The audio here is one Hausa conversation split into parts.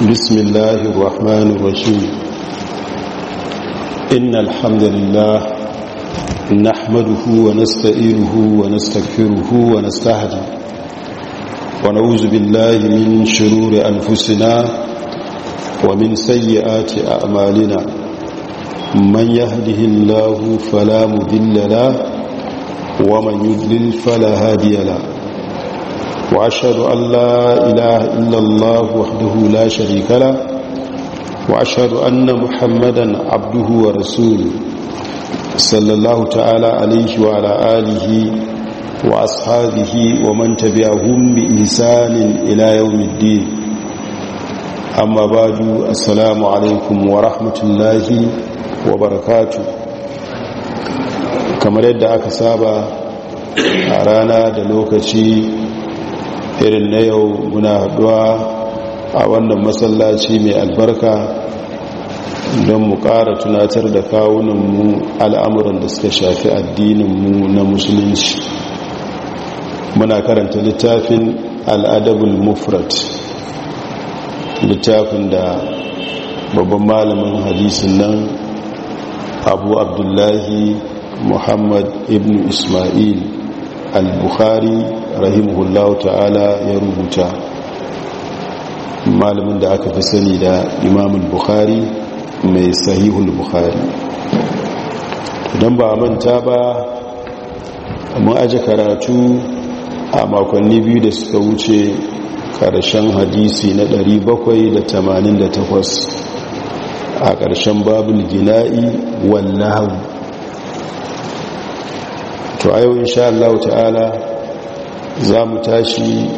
بسم الله الرحمن الرحيم إن الحمد لله نحمده ونستئله ونستغفره ونستهدي ونعوذ بالله من شرور أنفسنا ومن سيئات أعمالنا من يهده الله فلا مذل له ومن يذلل فلا هادي له وأشهد أن لا إله إلا الله وحده لا شريك له وأشهد أن محمدا عبده ورسوله صلى الله تعالى عليه وعلى آله وأصحابه ومن تبعهم بإنسان إلى يوم الدين أما بعد السلام عليكم ورحمة الله وبركاته كما يدعى كسابة a rana da lokaci irin na yau muna haduwa a wannan masallaci mai albarka don mu ƙara tunatar da kawuninmu al'amuran da suka shafi addininmu na musulunci muna karanta littafin al'adabul mufrat littafin da babban malamin hadisin nan abu abdullahi muhammad ibn ismail al-bukhari rahimahullahu ta'ala ya rubuta malamin da aka fi sani da imamul bukhari mai sahihul bukhari don ba manta ba mun aji karatu a makonni biyu da suka wuce karshen hadisi na 788 a ƙarshen babin jina'i wallahu to ayo insha Allah ta'ala za mu tashi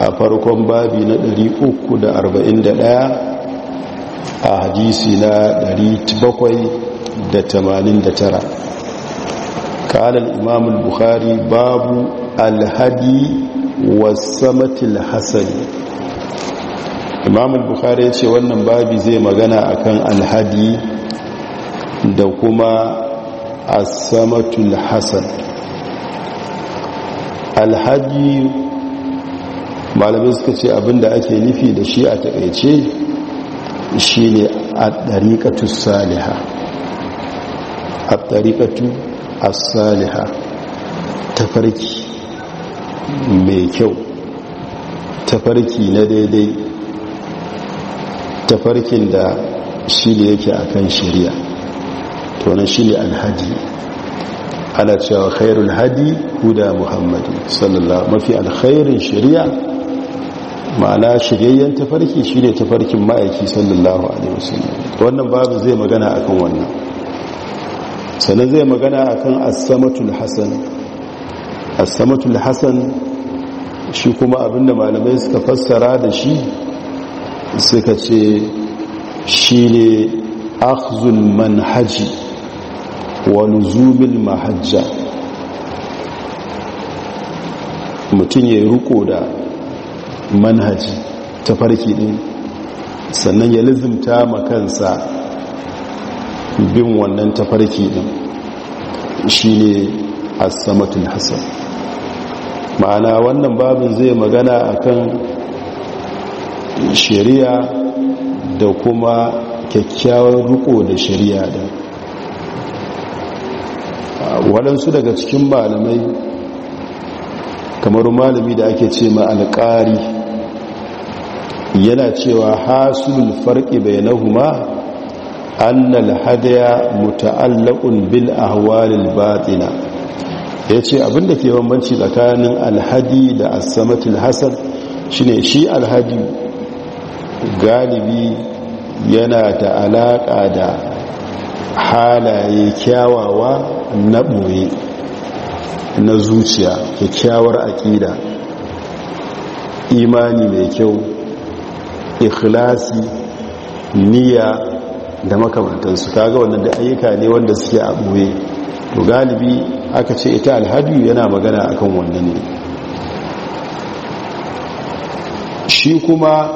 a farkon babi na 341 a hadisi na 789 kalan imam Buhari buhari babu alhadi wasamatil hasani hassan al-bukhari ya ce wannan babi zai magana akan alhadi da kuma asamatul hassan alhaji malamai suka ce abinda ake nufi da shi a takaice shi ne a ɗariƙatu saliha a ɗariƙatu a saliha tafarki mai kyau farki na daidai tafarkin da shi ne yake a kan shirya to na shi ne alhaji ana cewa khairul hadi huda muhammadu sallallahu mafi alkhairin shari'a ma'ana shiryayyen tafarki shine tafarkin ma'aiki sallallahu alaihi wasallam wannan babu zai magana akan wannan sannan zai magana akan as-samatul hasan as-samatul hasan shi kuma abinda malamai suka fassara da shi suka ce shine akhzul manhaji wa luzumil mahajja mutum ya ruko da manhaji ta farki din sannan ya lizimta makansa bin wannan ta tafarki din shine as-samatul Hassan, ma'ana wannan babin zai magana akan shari'a da kuma kyakkyawar ruko da shari'a din waɗansu daga cikin malamai kamar malami da ake ce ma alƙari yana cewa bai na bainahuma annal hadaya muta'allaqun bil ahwalil batina yace abinda ke bambanci tsakanin alhadi da asamatin hasad shine shi alhadi galibi yana da alaƙa da halaye kyawawa na ɓoye na zuciya kyakkyawar aƙida imani mai kyau ikhlasi niyya da makamantansu ga wannan da ayyuka ne wanda suke a ɓoye to galibi aka ce ita alhadu yana magana akan wannan ne shi kuma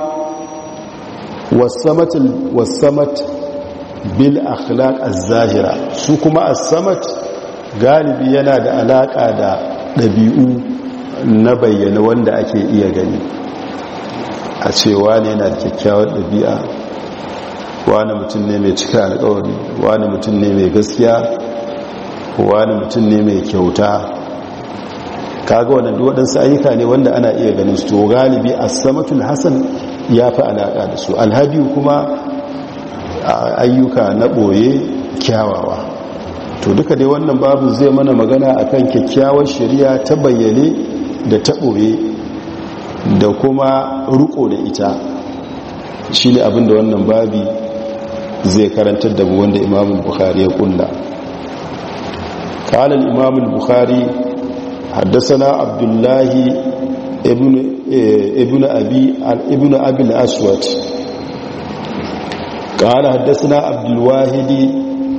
wasamat bil akhlaq az-zahira su kuma as-samat galibi yana da alaƙa da ɗabi'u na bayyana wanda ake iya gani a cewa ne yana da kyakkyawar ɗabi'a wani mutum ne mai cika alkawari wani mutum ne mai gaskiya wani mutum ne mai kyauta kaga wannan duk waɗansu ayyuka ne wanda ana iya ganin su to galibi a samatul Hassan ya fi alaƙa da su alhabi kuma ayyuka na ɓoye kyawawa to duka dai wannan babu zai mana magana akan kyakkyawar shari'a ta bayyane da ta da kuma ruko da ita shi ne abinda wannan babi zai karantar da mu wanda imamun bukhari ya kunna kalan imamun bukhari haddasa abdullahi ibn eh, abi al-ibn abi al-aswad قال حدثنا عبد الواحد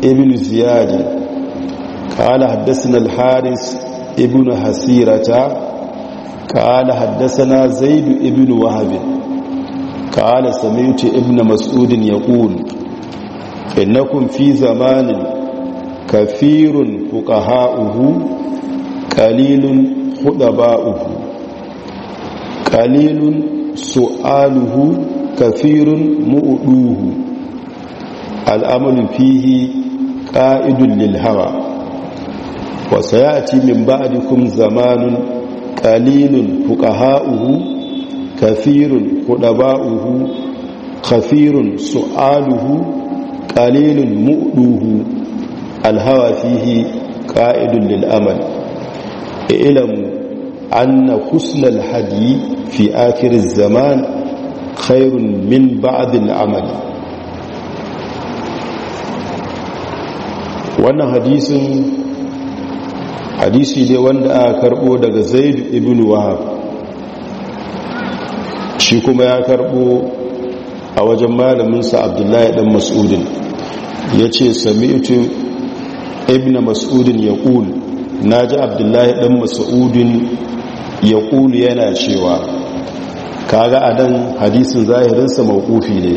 ابن زياد قال حدثنا الحارس ابن حسيرة قال حدثنا زيد ابن وهب قال سمعت ابن مسعود يقول إنكم في زمان كثير فقهاؤه قليل خطباؤه قليل سؤاله كثير مؤدوه الأمل فيه قائد للهوى wasayati min ba'dikum zamanun qalilun fuqaha'uhu kathirun qudaba'uhu khafirun su'aluhu qalilun mu'duhu alhawa fihi qa'idun lil amal ilamu anna kusnal hadi fi akhiriz zaman khairun min ba'dil amali wannan hadisin hadisi ne wanda aka karbo daga zaid ibn wahab shi kuma ya karbo a wajen malamin sa abdullahi dan mas'udin ya ce sami'tu ibn mas'udin ya na abdullahi dan mas'udin ya ƙulu yana cewa kaga a dan hadisin zahirinsa mawqufi ne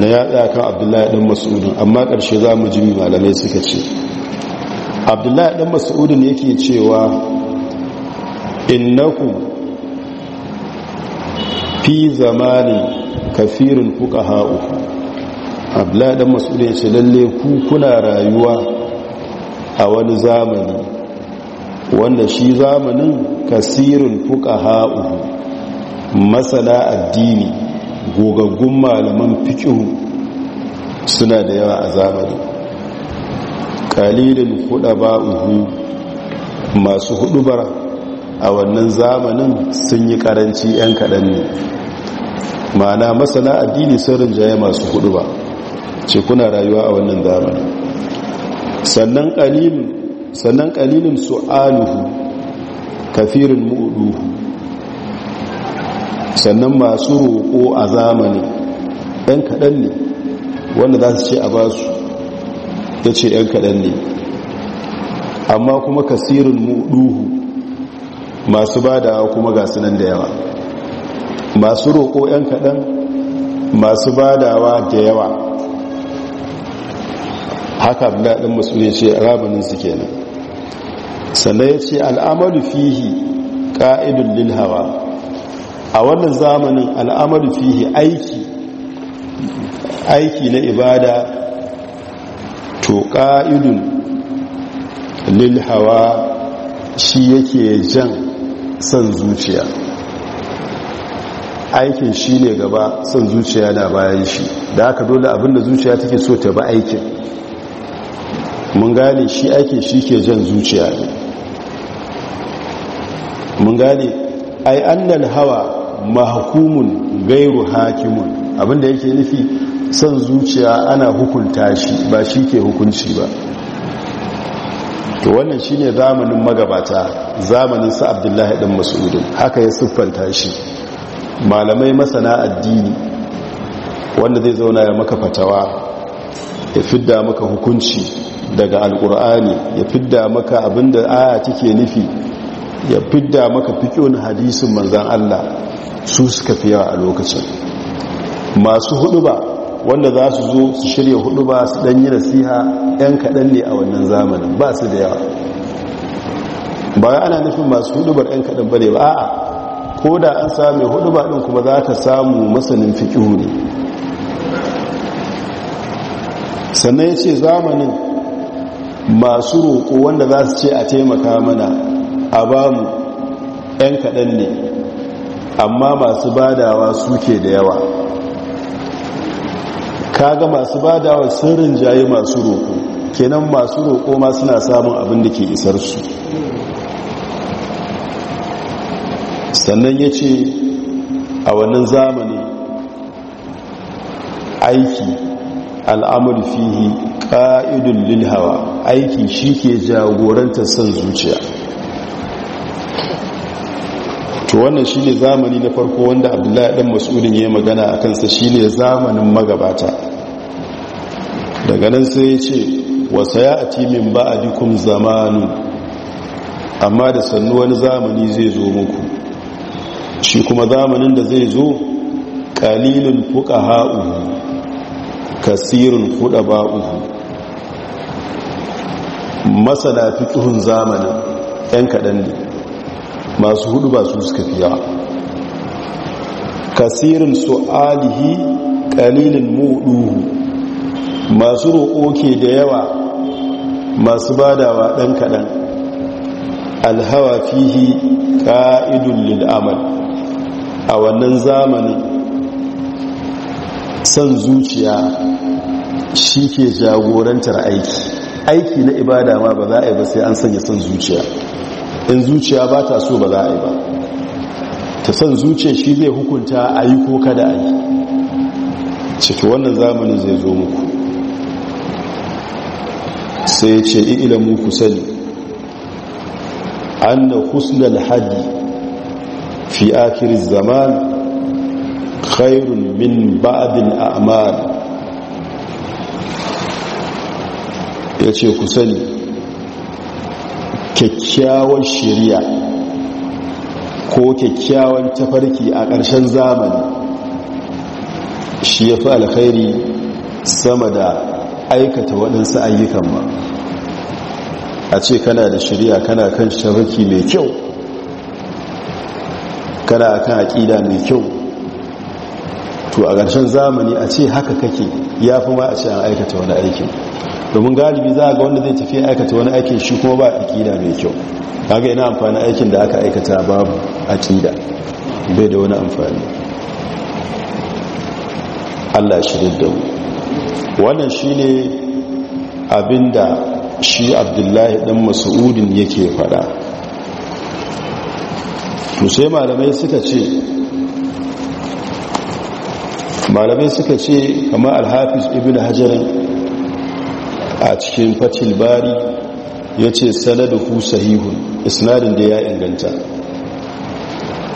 na ya tsaya kan abdullahi ɗan mas'udin amma ƙarshe za mu jimi malamai suka ce abdullahi dan mas'udin yake cewa innaku fi zamani kafirin ha'u abdullahi dan mas'udin ce lalle ku kuna rayuwa a wani zamani wanda shi zamanin kasirin ha'u masana addini gogaggun malaman fiqh suna da yawa a zamanin. kalilin huda ba'uhu masu hudubar a wannan zamanin sun yi karanci 'yan kaɗan ne ma'ana masana addini sun rinjaye masu ba ce kuna rayuwa a wannan zamanin sannan kalilin su kalilin su'aluhu kafirin mu'udu, sannan masu roƙo a zamani 'yan kaɗan ne wanda za su ce a basu ya ce ‘yan kaɗan ne amma kuma kasirin muduhu masu badawa kuma ga sunan da yawa masu roƙo ‘yan kaɗan masu badawa da yawa haka daɗin musulun ce ke kenan sannan ya ce al'amalu fihi ƙa'idun lil a wannan zamanin al'amalu fihi aiki aiki na ibada to ƙa'idun lilhawa shi yake jan san zuciya aikin shi ne gaba son zuciya na bayan shi da haka dole abinda zuciya take so ta ba aikin mun gane shi aikin shi ke jan zuciya ne mun gane ai annal hawa mahkumun gairu hakimun abinda yake nufi son zuciya ana hukunta shi ba shi ke hukunci ba to wannan shine zamanin magabata zamanin sa abdullahi ɗan mas'udin haka ya siffanta shi malamai masana addini wanda zai zauna ya maka fatawa ya fidda maka hukunci daga alkur'ani ya fidda maka abinda aya take nufi ya fidda maka fiqhun hadisin manzon Allah su suka fiya a lokacin masu hudu ba wanda za su zo su shirya hudu ba su dan yi nasiha yan kaɗan ne a wannan zamanin ba su da yawa ba ya ana nufin masu hudu ba yan kaɗan ba ne ba a'a ko da an sami hudu ba ɗin kuma za ta samu masanin fikihu ne sannan ya ce zamanin masu roƙo wanda za su ce a taimaka mana a ba mu 'yan kaɗan ne amma masu badawa suke da yawa Ka ga masu badawa sun rinjaye masu roƙo kenan masu roƙo ma suna samun abin da ke isar su sannan ya ce a wannan zamani aiki al'amur fihi ƙa'idun lilhawa aiki shi ke jagorantar son zuciya to wannan shi ne zamani na farko wanda abdullahi ɗan mas'udin ya yi magana a kansa shi ne zamanin magabata daga nan sai ya ce wasa ya a timin ba a dikun zamanu amma da sannu wani zamani zai zo muku shi kuma zamanin da zai zo kalilin fuka ha'uhu kasirin kuɗa ba'uhu masana fi tuhun zamanin 'yan kaɗan ne masu hudu ba su suka fiya kasirin su su'alihi kalilin mu'uduhu masu roƙo ke da yawa masu badawa ɗan kaɗan alhawa fihi ƙa'idun lil'amal a wannan zamani son zuciya shi ke jagorantar aiki aiki na ibada ma ba za a yi ba sai an sanya son zuciya in zuciya ba ta so ba za a yi ba ta son zuciya shi zai hukunta a yi ko kada a yi wannan zamanin zai zo muku sai ce ilamu ku sani anna husnal hadi fi akhir zaman khairun min ba'dil a'mal yace ku sani kyakkyawar shari'a ko kyakkyawan tafarki a ƙarshen zamani shi yafi alkhairi sama da aikata waɗansu ayyukan ba a ce kana da shirya kana kan shabaki mai kyau kana kan aƙida mai kyau to a ƙarshen zamani a ce haka kake ya fi ma a ce an aikata wani aikin domin galibi za a ga wanda zai tafi aikata wani aikin shi kuma ba aƙida mai kyau kaga ina amfani aikin da aka aikata babu aƙida bai da wani amfani Allah shirin da mu wannan shi ne abin da shi abdullahi dan mas'udin yake fada to malamai suka ce malamai suka ce kamar alhafiz ibn hajar a cikin fatil bari ya ce sanaduhu sahihun isnadin da ya inganta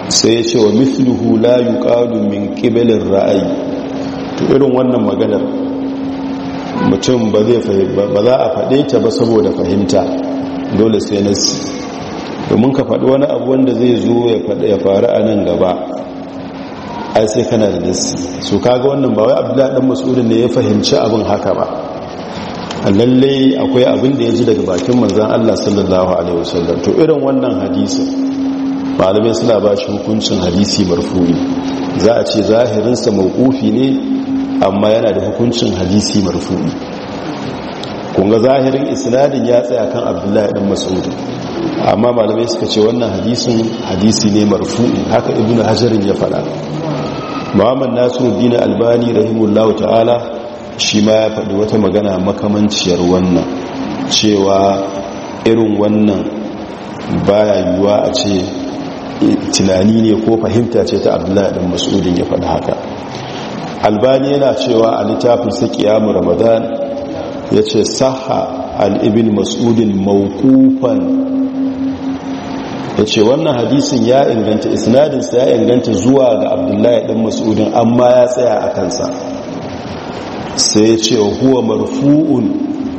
sai ya ce wa mithluhu layu yuqalu min ƙibelin ra'ayi to irin wannan maganar mutum ba za a faɗe ta ba saboda fahimta dole sai nasi domin ka faɗi wani abu wanda zai zo ya faru a nan gaba ai sai kana da nasi su kaga wannan ba wai abdullahi dan mas'udin ne ya fahimci abin haka ba lalle akwai abin da ya ji daga bakin manzan Allah sallallahu alaihi wasallam to irin wannan hadisi malamai suna ba shi hukuncin hadisi marfu'i za a ce zahirinsa mawqufi ne amma yana da hukuncin hadisi marfu'i kunga zahirin isnadin ya tsaya kan abdullahi dan mas'ud amma malamai suka ce wannan hadisin hadisi ne marfu'i haka ibnu hajarin ya fara muhammad nasiruddin albani rahimullahu ta'ala shi ma ya faɗi wata magana makamanciyar wannan cewa irin wannan baya yiwuwa a ce tunani ne ko fahimta ce ta abdullahi dan mas'udin ya faɗi haka albani yana cewa a littafin sa kiyamu ramadan ya ce saha al'ibin mas'udin maukufan ya ce wannan hadisin ya inganta isnadinsa ya inganta zuwa ga abdullahi ɗan mas'udin amma ya tsaya a kansa sai ya ce huwa marfu'un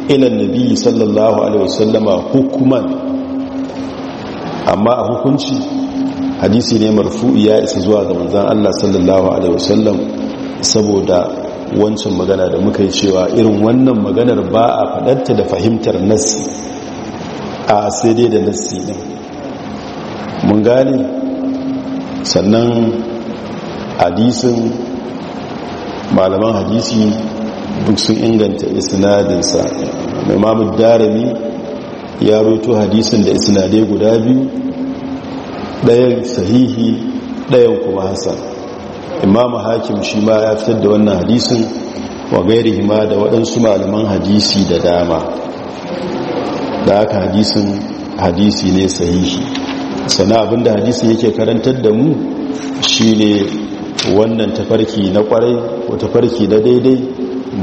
ilan nabi sallallahu alaihi wasallama hukuman amma a hukunci hadisi ne marfu'i ya isa zuwa ga manzan allah sallallahu alaihi wasallama saboda wancan magana da muka yi cewa irin wannan maganar ba a faɗarta da fahimtar nassi a sai dai da nassi ne mun gane sannan hadisin malaman hadisi duk sun inganta isnadinsa imamu darami ya roto hadisin da isnadai guda biyu ɗayan sahihi ɗayan kuma hasan imamu hakim shi ma ya fitar da wannan hadisin wa gairi ma da waɗansu malaman hadisi da dama da aka hadisin hadisi ne sahihi sana da hadisi yake karantar da mu shi ne wannan tafarki na kwarai ko tafarki na daidai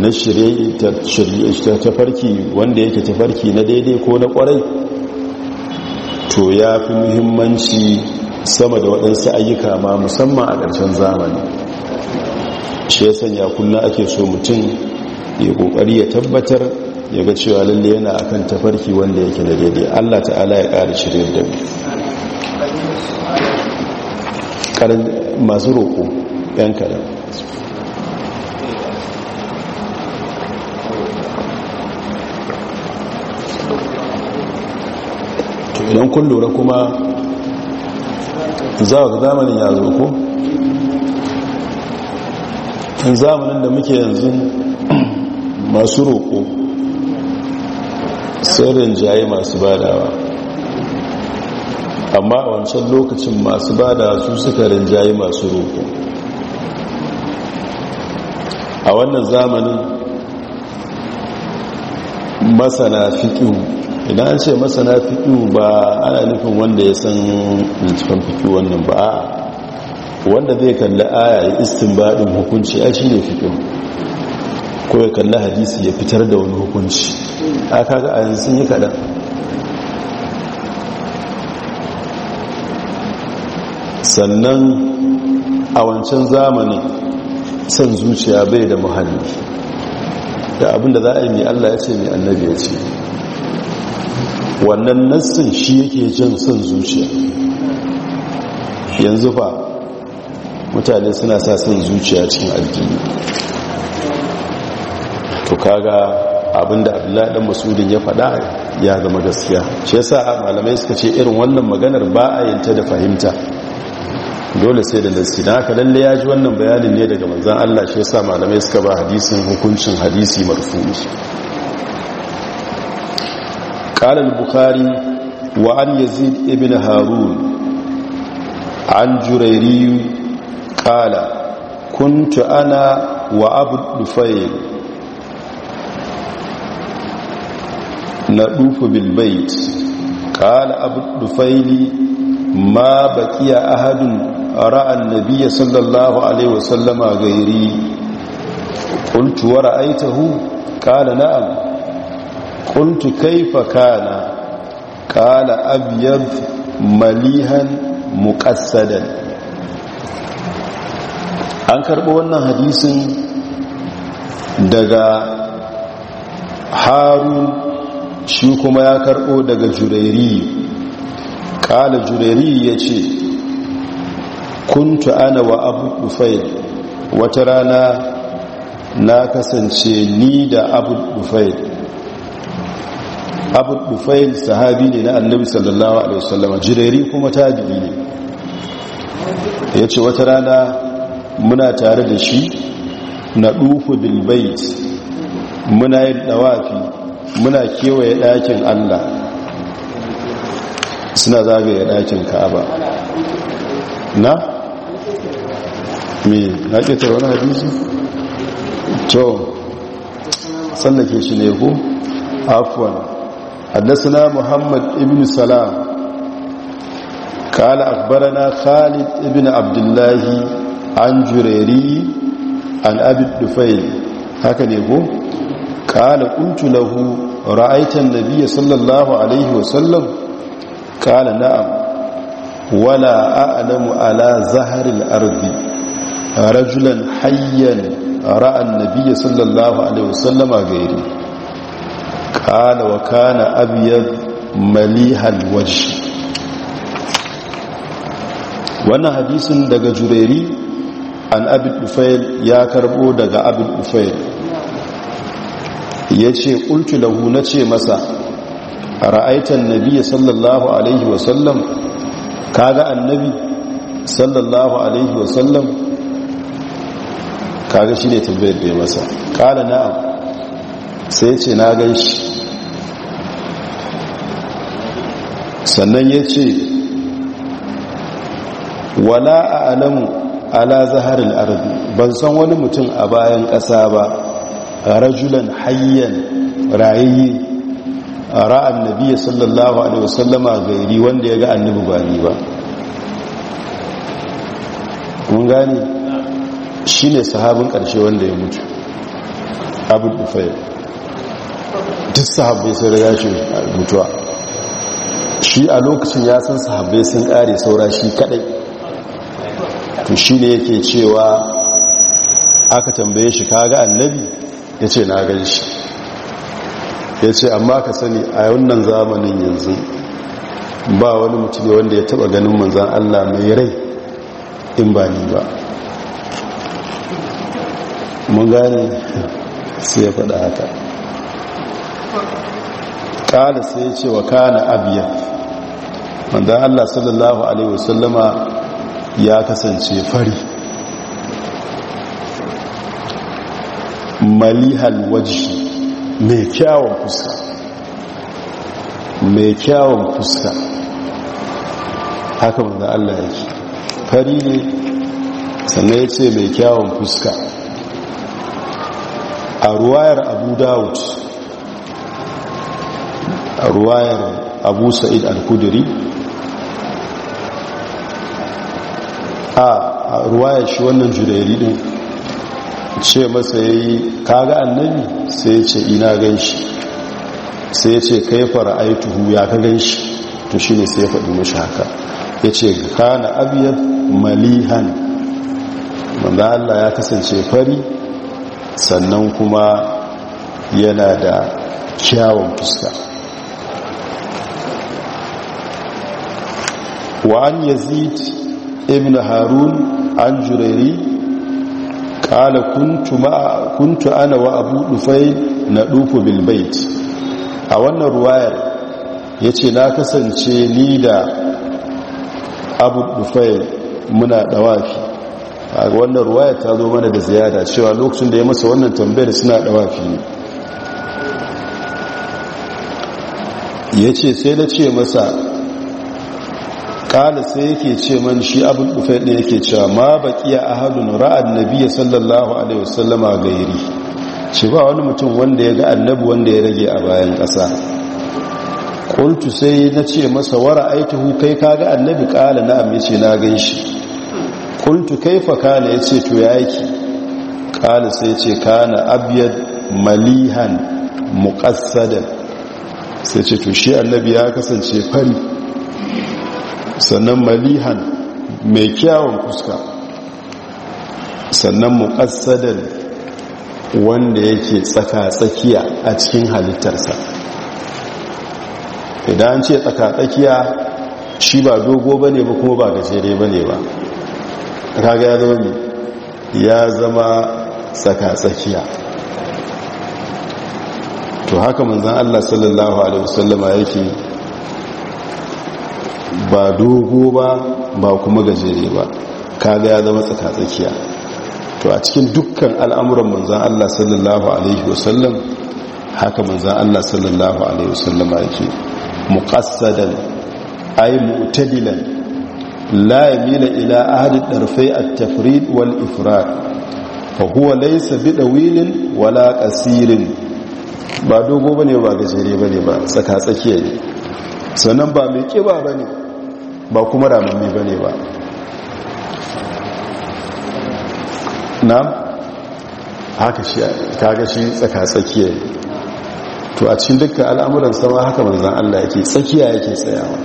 na shirye tafarki wanda yake tafarki na daidai ko na kwarai to ya fi muhimmanci sama da waɗansu ayyuka ma musamman a ƙarshen zamani shi ya sanya kullum ake so mutum ya ƙoƙari ya tabbatar ya ga cewa lalle yana a kan tafarki wanda yake da daidai allah ta'ala ya ƙara shirin da masu roƙo 'yan kaɗan idan kun lura kuma za ga zamanin ya zo ko zamanin da muke yanzu masu roƙo sirrin jaye masu badawa amma a wancan lokacin masu bada su suka rinjaye masu roƙo a wannan zamanin masana fiƙin idan an ce masana fiƙi ba ana nufin wanda ya san littafin fiƙi wannan ba wanda zai kalli aya ya baɗin hukunci ai ne fiƙi ko ya kalli hadisi ya fitar da wani hukunci a kaga a yanzu sun yi kaɗan sannan a wancan zamanin son zuciya bai da muhalli da abinda za a yi mai allah ya ce mai annabi ya ce wannan nassin shi yake jin son zuciya yanzu ba mutane suna sa son zuciya cikin addini to kaga abinda abdullahi dan masudin ya faɗa ya zama gaskiya shi yasa malamai suka ce irin wannan maganar ba a yin da fahimta dole sai da nassi dan haka lalle ya ji wannan bayanin ne daga manzon Allah shi yasa malamai suka ba hadisin hukuncin hadisi marfu'i قال البخاري وعن يزيد ابن هارون عن جريري قال كنت أنا وأبو الدفيل نطوف بالبيت قال أبو الدفيل ما بقي أحد رأى النبي صلى الله عليه وسلم غيري قلت ورأيته قال نعم qultu kaifa kana qala abyad malihan muqassadan an karbo wannan hadisin daga harun shi kuma ya karɓo daga jurairi kala jureri ya ce kuntu ana wa abu dufai wata rana na kasance ni da abu dufai abu dufail sahabi ne na annabi sallallahu alaihi wasallam jirari kuma tabi'i ne ya ce wata rana muna tare da shi na dufu bilbait muna yin dawafi muna kewaye ɗakin allah suna zagaye ɗakin ka'aba na? me na ƙetar wani hadisi? to tsallake shi ne ko? afwan حدثنا محمد ابن سلام قال أخبرنا خالد ابن عبد الله عن جريري عن أبي الدفيل هكذا يقول قال قلت له رأيت النبي صلى الله عليه وسلم قال نعم ولا أعلم على زهر الأرض رجلا حيا رأى النبي صلى الله عليه وسلم غيري قال وكان أبيض مليح الوجه wannan hadisin daga jureri an abin ufail ya karbo daga abin ufail ya ce ƙultu lahu na ce masa a ra'aitan nabiya sallallahu alaihi wasallam kaga annabi sallallahu alaihi wasallam kaga shi ne tabbayar da ya masa ƙala na'am sai ce na gaishe. sannan ya ce wala a alamu ala zaharin arzi ban san wani mutum a bayan ƙasa ba rajulan hayyan rayayye a ra'an nabiya sallallahu alaihi wasallama gairi wanda ya ga annabi ba ni ba mun gane shi ne sahabin ƙarshe wanda ya mutu abu dufayar duk sahabin sai da ya ce mutuwa shi a lokacin ya san sahabbai sun kare saura shi kaɗai to shi ne yake cewa aka tambaye shi kaga annabi ya ce na gan shi ya ce amma ka sani a wannan zamanin yanzu ba wani mutum wanda ya taba ganin manzan allah mai rai in ba ni ba mun gane sai ya faɗa haka ƙala sai ya ce wa kana abiya wanda allah sallallahu alaihi wasallama ya kasance fari malihal wajishi mai kyawun fuska mai kyawun fuska haka wanda allah ya ce fari ne sannan ya ce mai kyawun fuska a ruwayar abu dawud a ruwayar abu sa'id al-kudiri a ruwaya shi wannan jureri din ce masa ya yi kaga annabi sai ya ce ina gan shi sai ya ce kai fara aituhu ya ka gan shi to shi ne sai ya faɗi mashi haka ya ce kana abiyar malihan wanda allah ya kasance fari sannan kuma yana da kyawun fuska wa an yazid ibn harun an jureri قال كنت مع كنت انا وابو na ندوف بالبيت a wannan ruwayar yace na kasance ni da abu dufail muna dawafi a wannan ruwayar ta zo mana da ziyada cewa lokacin da ya masa wannan tambayar suna dawafi ne yace sai na ce masa kala sai yake ce man shi abin dufai ɗaya yake cewa ma a ahadun ra'ad nabiya sallallahu alaihi wasallama gairi ce ba wani mutum wanda ya ga annabi wanda ya rage a bayan ƙasa kultu sai na ce masa wara aituhu kai ka ga annabi kala na amince na gan shi kultu kai fa kala ya ce to ya kala sai ce kana abyad malihan muƙassadan sai ce to shi annabi ya kasance fari sannan malihan mai kyawun fuska sannan muƙassadar wanda yake tsaka-tsakiya a cikin halittarsa idan an ce tsaka-tsakiya shi ba dogo ba ne ba kuma ba gajere ba ne ba kaga ya zama ya zama tsaka-tsakiya to haka manzan Allah sallallahu Alaihi wasallama yake ba dogo ba ba kuma gajere ba kaga ya zama tsakatsakiya to a cikin dukkan al'amuran manzan Allah sallallahu alaihi wasallam haka manzan Allah sallallahu alaihi wasallam yake muqassadan ay mu'tadilan la yamila ila ahadi darfai at-tafrid wal ifrad fa huwa laysa bidawilin wala qasirin ba dogo bane ba gajere bane ba tsaka tsakiya ne sannan ba mai kiba bane ba kuma ramami ba ne ba na haka shi kaga shi tsaka-tsakiya to a cikin dukkan al'amuran sama haka manzan Allah yake tsakiya yake tsayawa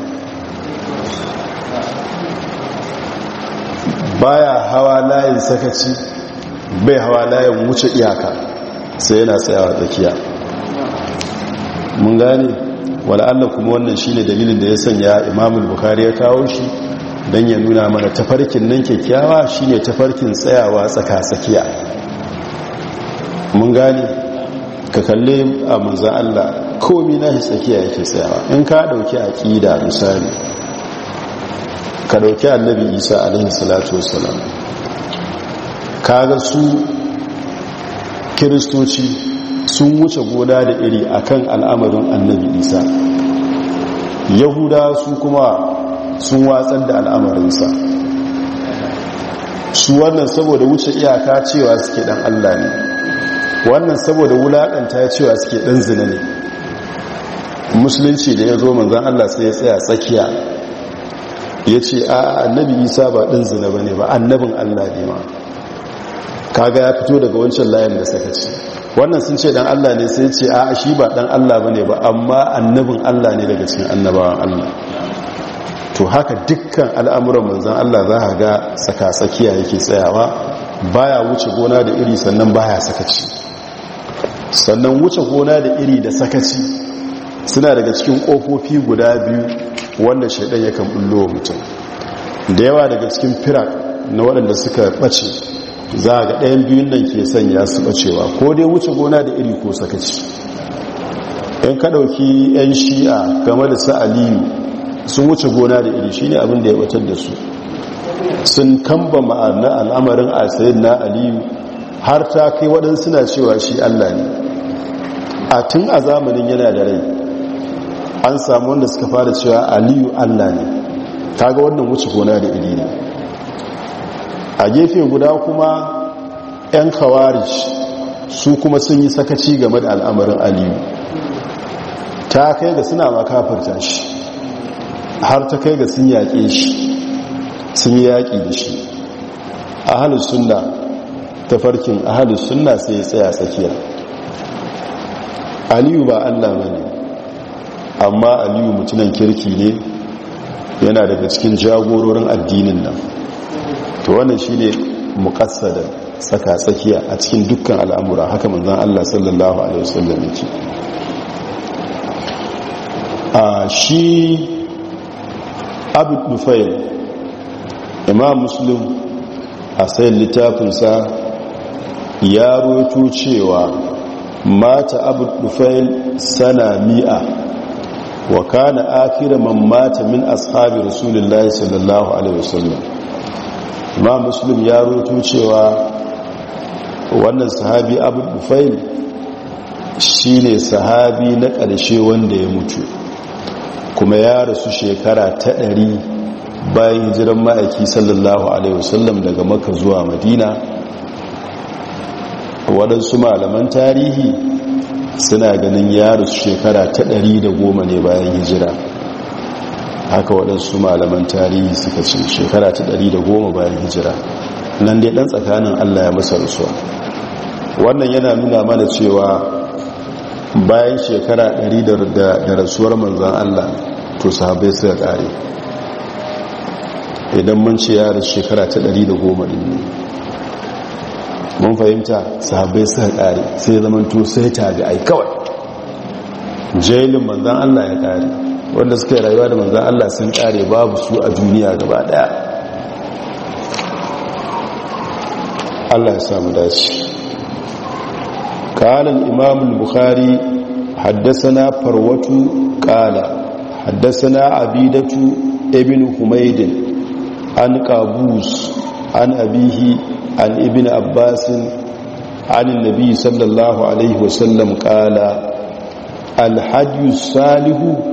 baya hawa layin sakaci bai hawa layin wuce iyaka sai yana tsayawa tsakiya mun gane wala'alla kuma wannan shi ne dalilin da ya sanya imamul bukari ya kawo shi don ya nuna mana tafarkin nan kyakkyawa shi ne tafarkin tsayawa tsaka-tsakiya mun gane ka kalli a manzan allah komi na tsakiya yake tsayawa in ka ɗauki ƙida misali ka ɗauki annabi isa alaihi salatu wasalam ga su kiristoci sun wuce gona da iri akan al'amarin annabi isa yahuda su kuma sun watsar da al'amarinsa su wannan saboda wuce iyaka cewa suke dan allah ne wannan saboda wulaƙanta cewa suke dan zina ne musulunci da ya zo manzan allah sai ya tsaya tsakiya ya ce a annabi isa ba dan zina ba ne ba annabin allah ne ma kaga ya fito daga wancan layin da saka sakaci wannan sun ce dan Allah ne sai ce a shi ba dan Allah bane ba amma annabin Allah ne daga cikin annabawan Allah to haka dukkan al'amuran manzon Allah za ga saka tsakiya yake tsayawa baya wuce gona da iri sannan baya sakaci sannan wuce gona da iri da sakaci suna daga cikin kofofi guda biyu wanda shaidan yakan bullo mutum da yawa daga cikin firak na waɗanda suka ɓace za ga ɗayan biyun nan ke sanya su ɓacewa ko dai wuce gona da iri ko sakaci yan kaɗauki ɗauki yan shi'a game da su aliyu sun wuce gona da iri shi ne abin da ya batar da su sun kamba ma'ana al'amarin asirin na aliyu har ta kai waɗansu na cewa shi allah ne a tun a zamanin yana da rai an samu wanda suka fara cewa aliyu allah ne ta ga wannan wuce gona da iri ne a gefe guda kuma 'yan kawarish su kuma sun yi sakaci game da al'amarin aliyu ta kai ga suna makafarta shi har ta kai ga sun yaƙe shi sun yi yaƙi da shi a ta sunna a halin sunna sai ya tsaya tsakiya aliyu ba allah ba ne amma aliyu mutunan kirki ne yana daga cikin jagororin addinin nan to wannan shine muqassada saka tsakiya a cikin dukkan al'amura haka manzon Allah sallallahu alaihi wasallam yake a shi abu nufail imam muslim a sayin littafinsa ya roto cewa mata abu nufail sana mi'a wa kana akira man mata min ashabi rasulullahi sallallahu alaihi wasallam ma musulun ya roto cewa wannan sahabi abu bufail shi ne sahabi na ƙarshe wanda ya mutu kuma ya rasu shekara ta ɗari bayan jiran ma'aiki sallallahu alaihi wasallam daga maka zuwa madina waɗansu malaman tarihi suna ganin ya rasu shekara ta ɗari da goma ne bayan hijira haka waɗansu malaman tarihi suka ce shekara ta ɗari da goma bayan hijira nan dai ɗan tsakanin allah ya masa rasuwa wannan yana nuna mana cewa bayan shekara ɗari da rasuwar manzan allah to sahabai suka ƙare idan mun ce yaran shekara ta ɗari goma ɗin ne mun fahimta sahabai suka ƙare sai to sai tabi'ai kawai jailin manzan allah ya ƙare wanda suka yi rayuwa da manzan Allah sun kare babu su a duniya gaba daya Allah ya samu dace kalan imamul bukhari haddasana farwatu kala haddasana abidatu ibn humaydin an qabus an abihi an ibn Abbasin, an nabi sallallahu alaihi wasallam kala al salihu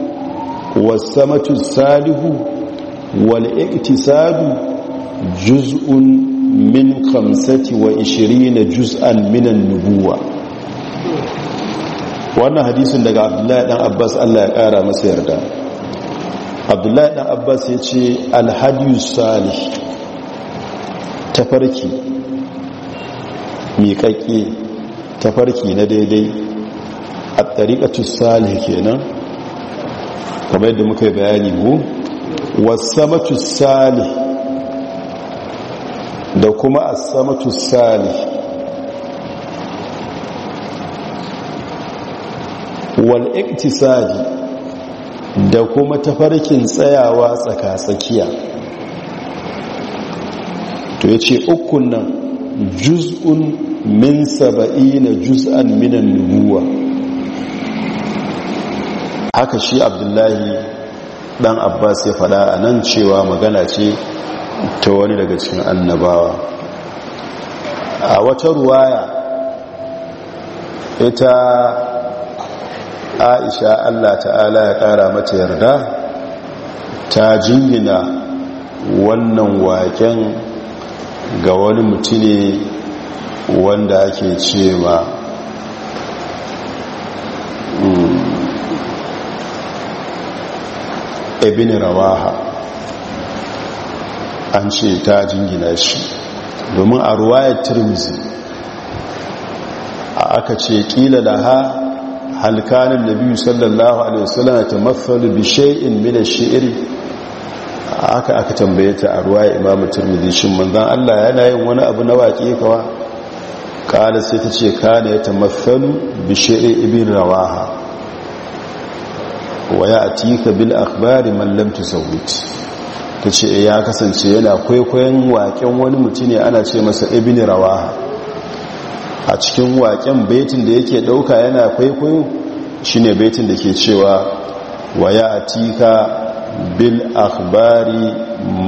wasamatu salihu wal iktisadu juz'un min wa ishirina juz'an minan nubuwa wannan hadisin daga abdullahi dan abbas Allah ya kara masa yarda abdullahi dan abbas ya ce alhadiyu salih tafarki miƙaƙe tafarki na daidai a ɗariƙatu salih kenan kamar yadda muka yi bayani mu wasamatu sali da kuma asamatu sali wal iktisadi da kuma tafarkin tsayawa tsaka tsakiya, to yace ce ukun nan juz'un min saba'i juz'an minan nubuwa haka shi abdullahi dan abbas ya fada a nan cewa magana ce ta wani daga cikin annabawa a wata ruwaya ita aisha allah ta'ala ya kara mata yarda ta jingina wannan waken ga wani mutune wanda ake cewa. ibn rawaha an ce ta jingina shi domin a ruwayar tirmizi aka ce kila laha halkanin nabi sallallahu alaihi wasallam ta mafalu bi shay'in min ash-shi'r aka aka tambaye ta a ruwaya imamu tirmizi shin manzon Allah yana yin wani abu na waƙe kawa kala sai ta ce kana ya tamathalu bi shay'in ibn rawaha wa ya atika bil akhbari man lam tusawwit tace eh, ya kasance yana kwaikwayon waken wani mutum ana ce masa ibni rawaha a cikin waken baitin da yake dauka yana kwaikwayo shine baitin da ke cewa wa ya atika bil akhbari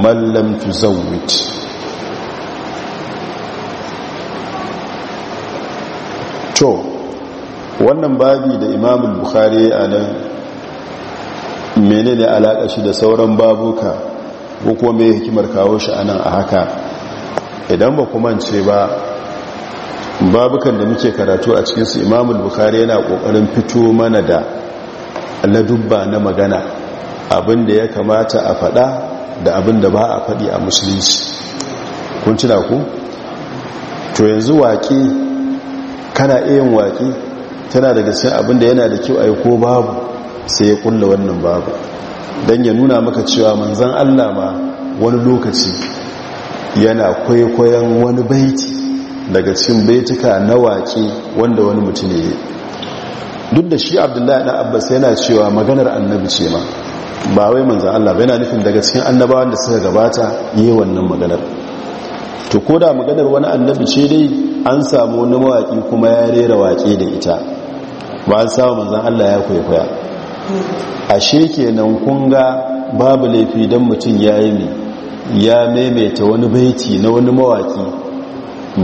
man lam tusawwit to wannan babi da imamul bukhari a nan menene alaƙa shi da sauran babuka ko kuma mai hikimar kawo shi a nan a haka idan ba kuma ce ba babukan da muke karatu a cikinsu imamul bukari yana ƙoƙarin fito mana da ladubba na magana abin ya kamata a faɗa da abin da ba a faɗi a musulunci kun cina ku to yanzu waƙi kana iya yin waƙi tana daga sai abinda yana da kyau a yi ko babu sai ya kulla wannan babu don ya nuna maka cewa manzan Allah ma wani lokaci yana kwaikwayon wani baiti daga cikin baitika na waƙe wanda wani mutum ne duk da shi abdullahi na abbas yana cewa maganar annabi ce ma ba wai manzan Allah ba yana nufin daga cikin annabawan da suka gabata yi wannan maganar to ko da maganar wani annabi ce dai an samu wani mawaƙi kuma ya rera waƙe da ita ba an samu manzan Allah ya kwaikwaya ashe kenan kun ga babu laifi don mutum ya yi ne ya maimaita wani baiti na wani mawaki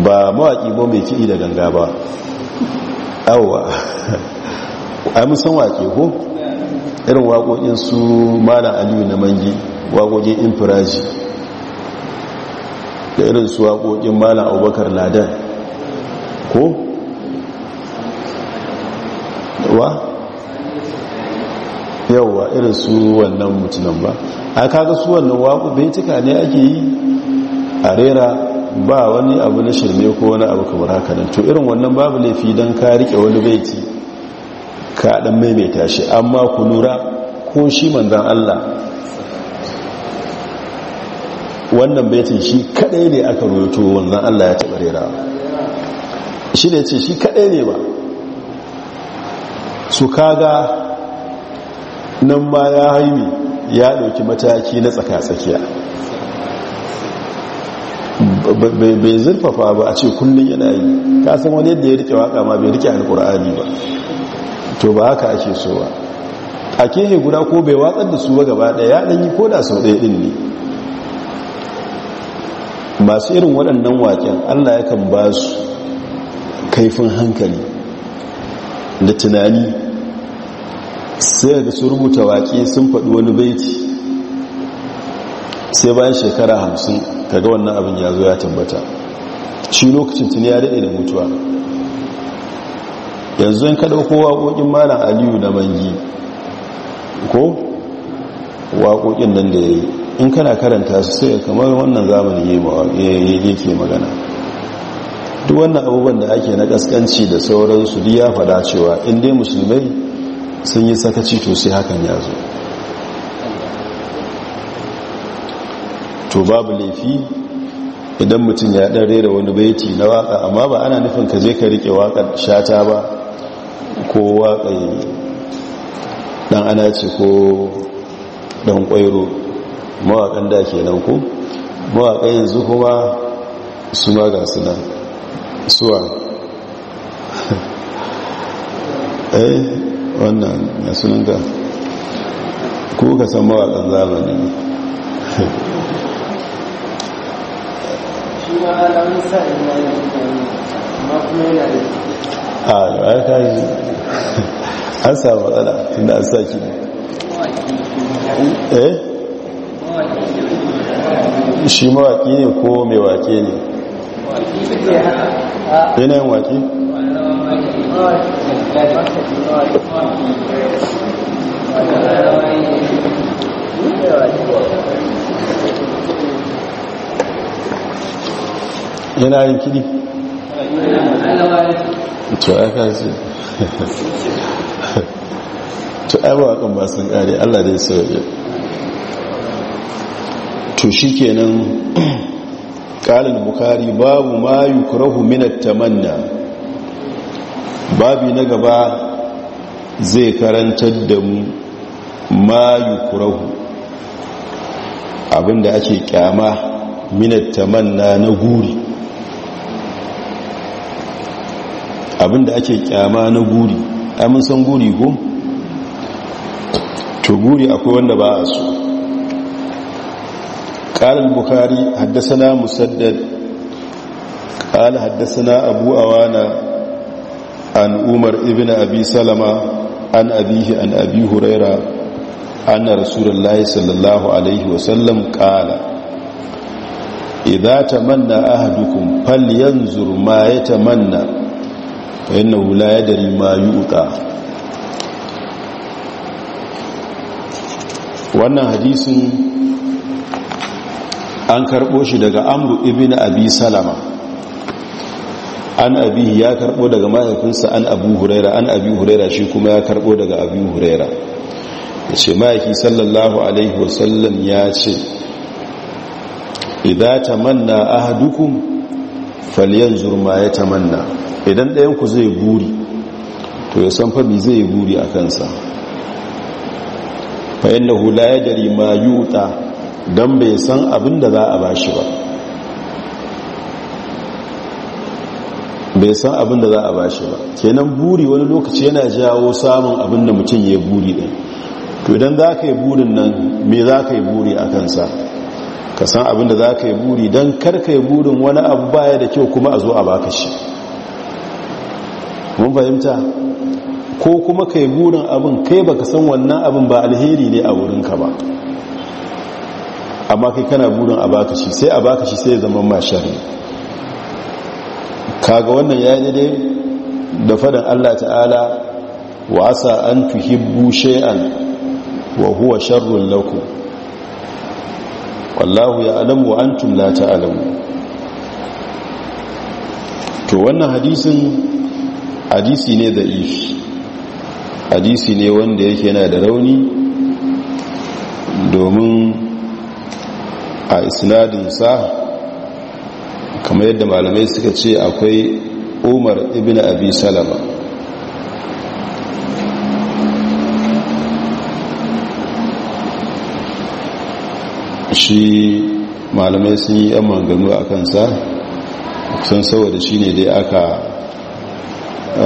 ba mawaki ba mai kiɗi da ganga ba awa a musan waƙe ko irin waƙoƙin su malam aliyu na mangi waƙoƙin infiraji da irin su waƙoƙin malam abubakar ladan ko wa yauwa irin su wannan mutunan ba a kaga su wannan waƙo cika ne ake yi a rera ba wani abu na shirme ko wani abu kamar haka nan to irin wannan babu laifi don ka rike wani baiti ka ɗan maimaita shi amma ku lura ko shi manzan Allah wannan baitin shi kaɗai ne aka roto wannan Allah ya taɓa rera shi ne ce shi kaɗai ne ba su kaga nan ma ya haini ya ɗauki mataki na tsaka-tsakiya bai zurfafa ba a ce kullum yana yi san wani yadda ya rike waka ma bai rike alkur'ani ba to ba haka ake so ba a kehe guda ko bai watsar da su ba gaba ɗaya ya ɗanyi ko da sau ɗaya ɗin ne masu irin waɗannan waƙen allah ya kan ba su kaifin hankali da tunani sai da su rubuta waƙe sun faɗi wani baiti sai bayan shekara hamsin ga wannan abin ya zo ya tabbata shi lokacin tuni ya daɗe da mutuwa yanzu yin ka ko waƙoƙin malam aliyu na mangi ko waƙoƙin nan da ya yi in kana karanta su sai kamar wannan zamani ya ke magana duk wannan abubuwan da ake na ƙasƙanci da sauransu duk ya faɗa cewa in dai musulmai sun yi sakaci to sai hakan ya zo to babu laifi idan mutum ya dan rera wani baiti na waka amma ba ana nufin ka je ka rike wakar shata ba ko waka dan ana ce ko dan kwairo mawakan da nan ko mawakan yanzu kuma su ma ga su suwa eh? wannan ya sunan sunanta ko ka san mawaƙan zamani a ya kayi an samu matsala tunda an saki eh? shi mawaƙi ne ko mai waƙe ne yanayin waƙi yana yin kiri to ya kasi to ai ba kan basun kare Allah dai sauye to shi kenan al-bukhari babu ma yukrahu min at-tamanna babi na gaba zai karantar da mu ma kurahu abinda ake kyama minatta manna na guri abinda ake kyama na guri amin san guri ko? to guri akwai wanda ba a so قال البخاري حدثنا مسدد قال حدثنا أبو أوانا an umar ibn abi salama an abihi an abi huraira anna rasulullahi sallallahu alaihi wasallam qala idza tamanna ahadukum falyanzur ma yatamanna fa innahu la yadri ma yuqa wannan hadisin an karbo shi daga amru ibn abi salama an abi ya karbo daga mahaifinsa an abu huraira an abi huraira shi kuma ya karbo daga abi huraira ya ce mahaifi sallallahu alaihi wasallam ya ce idan a hadukun faliyan zurma ya manna idan ɗayan ku zai buri to ya san fabi zai buri a kansa fa hula ya jari ma yuta dan bai san abin da za a bashi ba bai san abin da za a bashi ba kenan buri wani lokaci yana jawo samun abin da mutum ya buri ɗin to idan za ka yi burin nan me za ka yi buri a kansa ka san abin da za ka yi buri don karka yi burin wani abu baya da kyau kuma a zo a baka shi mun fahimta ko kuma ka yi burin abin kai baka san wannan abin ba alheri ne a wurinka ba amma kai kana burin a baka shi sai a baka shi sai ya zama mashari kaga wannan ya daidai da faɗin Allah ta'ala wa asa an tuhibbu shay'an wa huwa sharrun lakum wallahu ya'lamu wa antum la ta'lamun to wannan hadisin hadisi ne da ifi hadisi ne wanda yake yana da rauni domin a isnadin sa kamar yadda malamai suka ce akwai umar ibn abi salama shi malamai sun yi yan manganu a kansa kusan saboda shi ne dai aka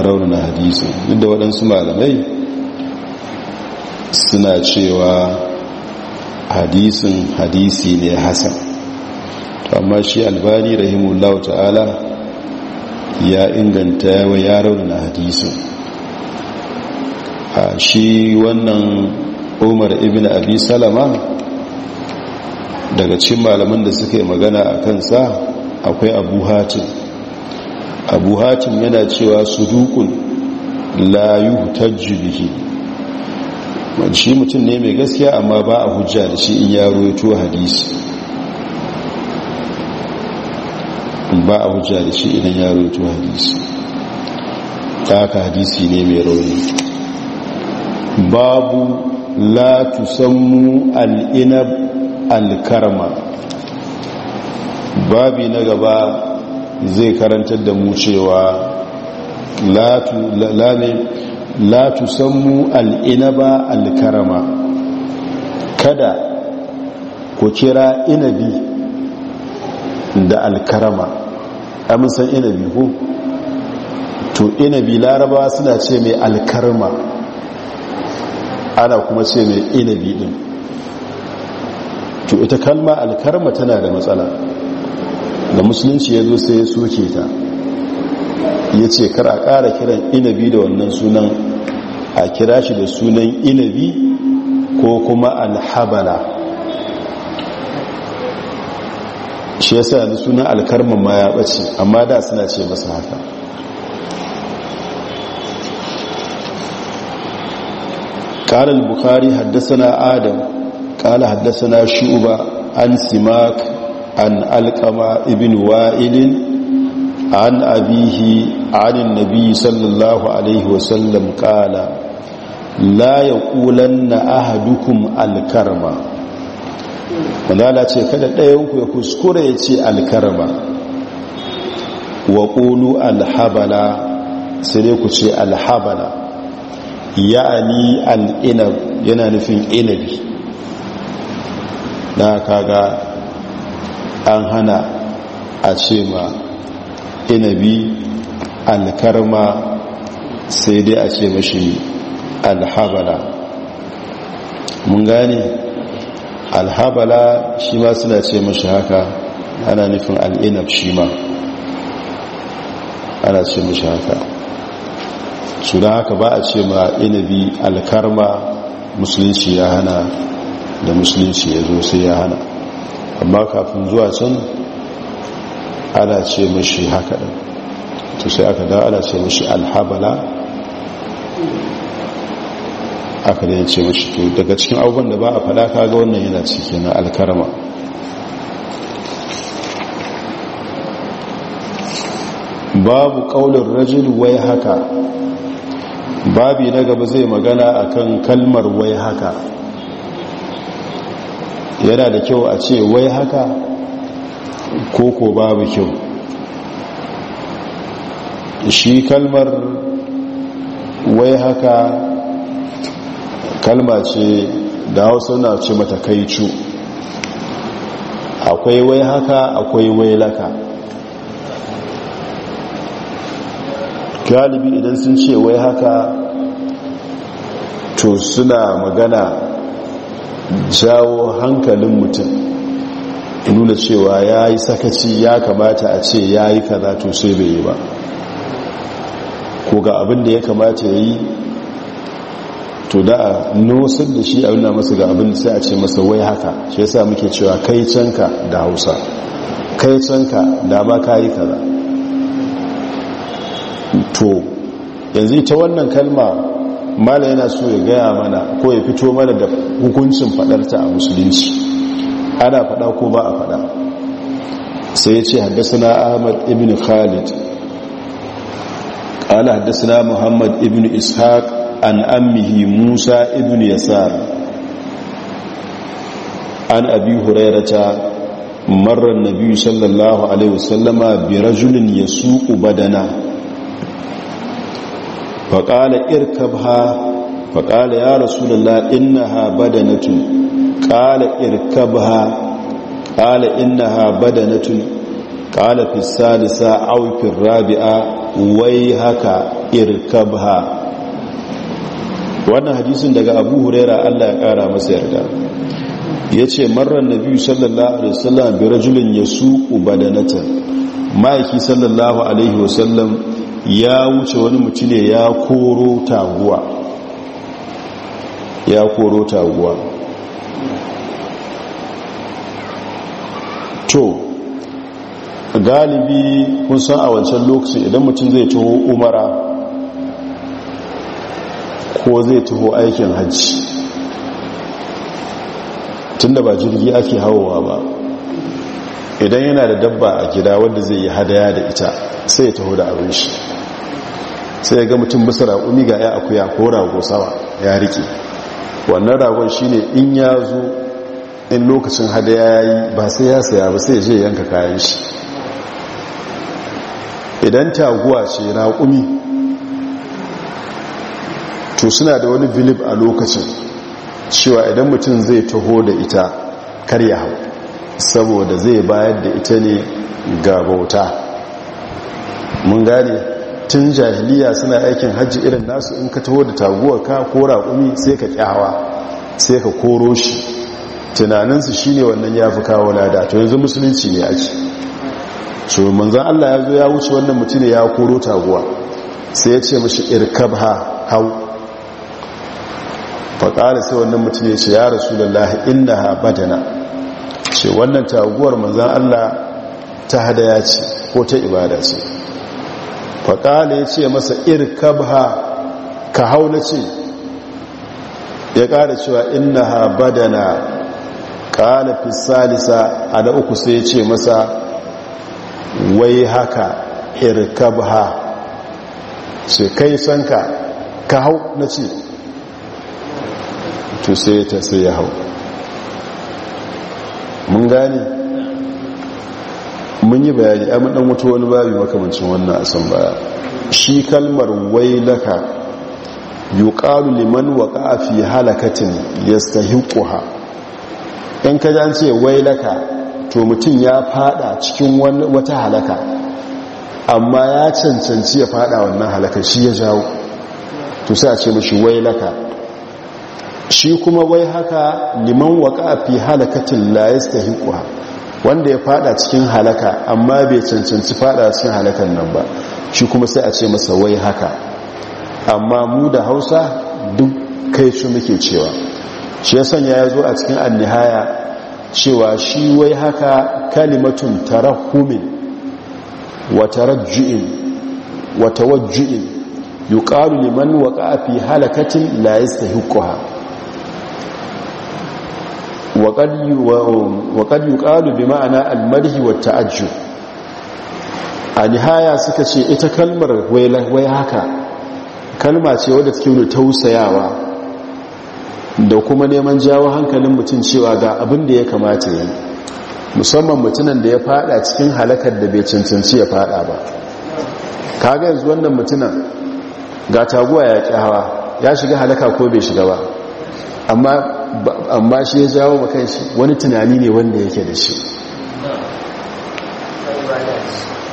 raunin hadisi inda da waɗansu malamai suna cewa hadisin hadisi ne hasan amma shi albani rahimullahu ta'ala ya inganta yawa ya raunana hadisu a shi wannan umar ibn abi salama daga cikin malaman da suka yi magana a kansa akwai abu hatim abu hatim yana cewa su dukun layu ta yuhtajju Wani shi mutum ne mai gaskiya amma ba a hujja da shi in yaro ya ruwaito hadisi ba a hujja da shi idan ya rutu hadisi ta haka hadisi ne mai rauni babu la tusammu al'inab alkarma babi na gaba zai karantar da mu cewa la tusammu al'inaba alkarama kada ku kira inabi da alkarama amin san inabi ko to inabi larabawa suna ce mai alkarma ana kuma ce mai inabi din to ita kalma alkarma tana da matsala da musulunci ya zo sai ya soke ta ya ce kar a ƙara kiran inabi da wannan sunan a kira shi da sunan inabi ko kuma alhabala shi ya sa suna alkarmin ma ya ɓace amma da suna ce masu haka ƙarar bukari haddasa adam ƙala haddasa na shuba an simak an alƙama ibin wa'ilin an abihi anin nabi sallallahu alaihi wasallam ƙala la ya ƙulan na ahadukum alkarmar wadala ce kada ɗayanku ya kuskure ya ce alkarba wa ƙulu alhabala sai dai ku ce alhabala ya ni al'inab yana nufin inabi na kaga an hana a ce ma inabi alkarma sai dai a ce mashi alhabala mun gane alhabala shi ma suna ce mashi haka ana nufin al'inab shi ma ana ce mashi haka suna haka ba a ce ma inabi alkarma musulunci ya hana da musulunci ya zo sai ya hana amma kafin zuwa can ana ce mashi haka ɗin to sai aka da ana ce mashi alhabala aka da ya ce mashi to daga cikin abubuwan da ba a faɗa kaga wannan yana ciki na alkarama babu kaulin rajul wai haka babi na gaba zai magana akan kalmar wai haka yana da kyau a ce wai haka ko ko babu kyau shi kalmar wai haka kalma ce da hausa na ce mata kaicu akwai wai haka akwai wai laka galibi idan sun ce wai haka to suna magana jawo hankalin mutum nuna cewa ya yi sakaci ya kamata a ce ya yi kaza to sai bai yi ba ko ga abin da ya kamata ya yi to da a nosar da shi a nuna masa ga abin sai a ce masa wai haka shi yasa muke cewa kai canka da hausa kai canka da ba ka yi kaza to yanzu ita wannan kalma mala yana so ya gaya mana ko ya fito mana da hukuncin fadarta a musulunci ana fada ko ba a fada sai ya ce haddasa ahmad ibn khalid قال حدثنا Muhammad ibn Ishaq. an ammihi musa ibn yasar an abi hurairata marar nabi sallallahu alaihi wasallama bi rajulin yasuqu badana faqala irkabha faqala ya rasulullah innaha badanatun qala irkabha qala innaha badanatun qala fi salisa aw fi rabi'a wai haka irkabha wannan hadisin daga abu huraira allah ya kara masa yarda ya ce marar na biyu sallallahu alaihi wasallam bi rajulin ya suku badanata ma'aiki sallallahu alaihi wasallam ya wuce wani mutune ya koro taguwa ya koro taguwa to galibi kun san a wancan lokaci idan mutum zai taho umara ko zai taho aikin hajji tunda ba jirgi ake hawowa ba idan yana da dabba a gida wanda zai yi hadaya da ita sai ya taho da abin shi sai ya ga mutum bisa raƙumi ga ya akuya ko rago sama ya rike wannan ragon shi ne in ya zo in lokacin hadaya ya yi ba sai ya saya ba sai ya je yanka kayan shi idan taguwa ce raƙumi to suna da wani bilib a lokacin cewa idan mutum zai taho da ita karya hau saboda zai bayar da ita ne ga bauta mun gane tun jahiliya suna aikin hajji irin nasu in ka taho da taguwa ka ko raƙumi sai ka kyawa sai ka koro shi tunaninsu shi ne wannan ya fi kawo lada to yanzu musulunci ne ake so manzan allah ya zo ya wuce wannan mutum ne ya koro taguwa sai ya ce mashi irkab ha hau faƙari sai wannan mutum ya ce ya rasu inna inda ha badana ce wannan taguwar manzan allah ta hadaya ce ko ta ibada ce faƙari ya ce masa iri kabha ka hau ce ya ƙara cewa inda ha badana ƙara fi salisa a da uku sai ya ce masa wai haka iri kabha ce kai sanka ka hau na ce to sai ya sai ya hau mun gane mun yi bayani a mun dan wato wani babu makamancin wannan asan baya shi kalmar wailaka yuqalu liman waqa'a fi halakatin yastahiquha in ka ji an ce wailaka to mutum ya fada cikin wata halaka amma ya cancanci ya fada wannan halaka shi ya jawo to sai a ce mashi wailaka shi kuma wai haka liman waka fi halakatin la yastahiqha wanda ya fada cikin halaka amma bai cancanci fada cikin halakan nan ba shi kuma sai a ce masa wai haka amma mu da Hausa duk kai su muke cewa shi ya sanya ya zo a cikin annihaya cewa shi wai haka kalimatun tarahumin wa tarajju'in wa tawajju'in yuqalu liman waqa'a fi halakatin la yastahiqha waƙar yi ƙalu bi ma'ana almarhi wa ta'ajju a nihaya suka ce ita kalmar wai haka kalma ce wadda take wani tausayawa da kuma neman jawo hankalin mutum cewa ga abin da ya kamata yi musamman mutunan da ya fada cikin halakar da bai cancanci ya fada ba kaga yanzu wannan mutunan ga taguwa ya hawa ya shiga halaka ko bai shiga ba amma amma shi ya jawo ma kanshi wani tunani ne wanda yake da shi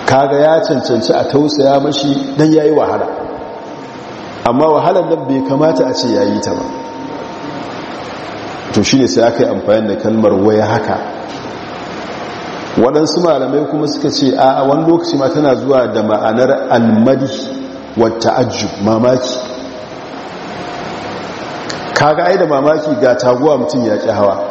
kaga ya cancanci a tausaya mashi don ya yi wahala amma wahalar nan bai kamata a ce ya yi ta ba to shi ne sai aka yi amfani da kalmar waya haka waɗansu malamai kuma suka ce a wani lokaci ma tana zuwa da ma'anar almadi wata ajiyu mamaki kaga ai da mamaki ga taguwa mutum ya ƙi hawa